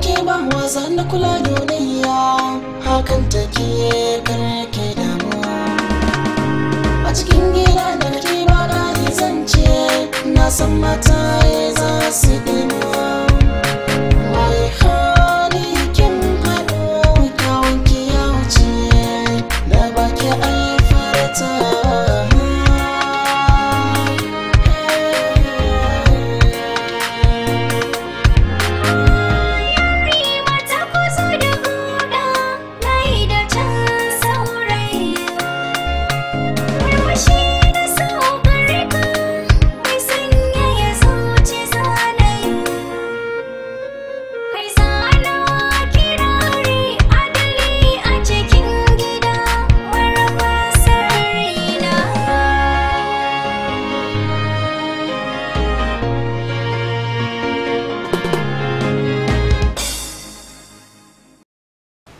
ke ba wasa na kula duniya hakan take karke damuwa a cikin gida da ke ba da ce na san mata za su dimi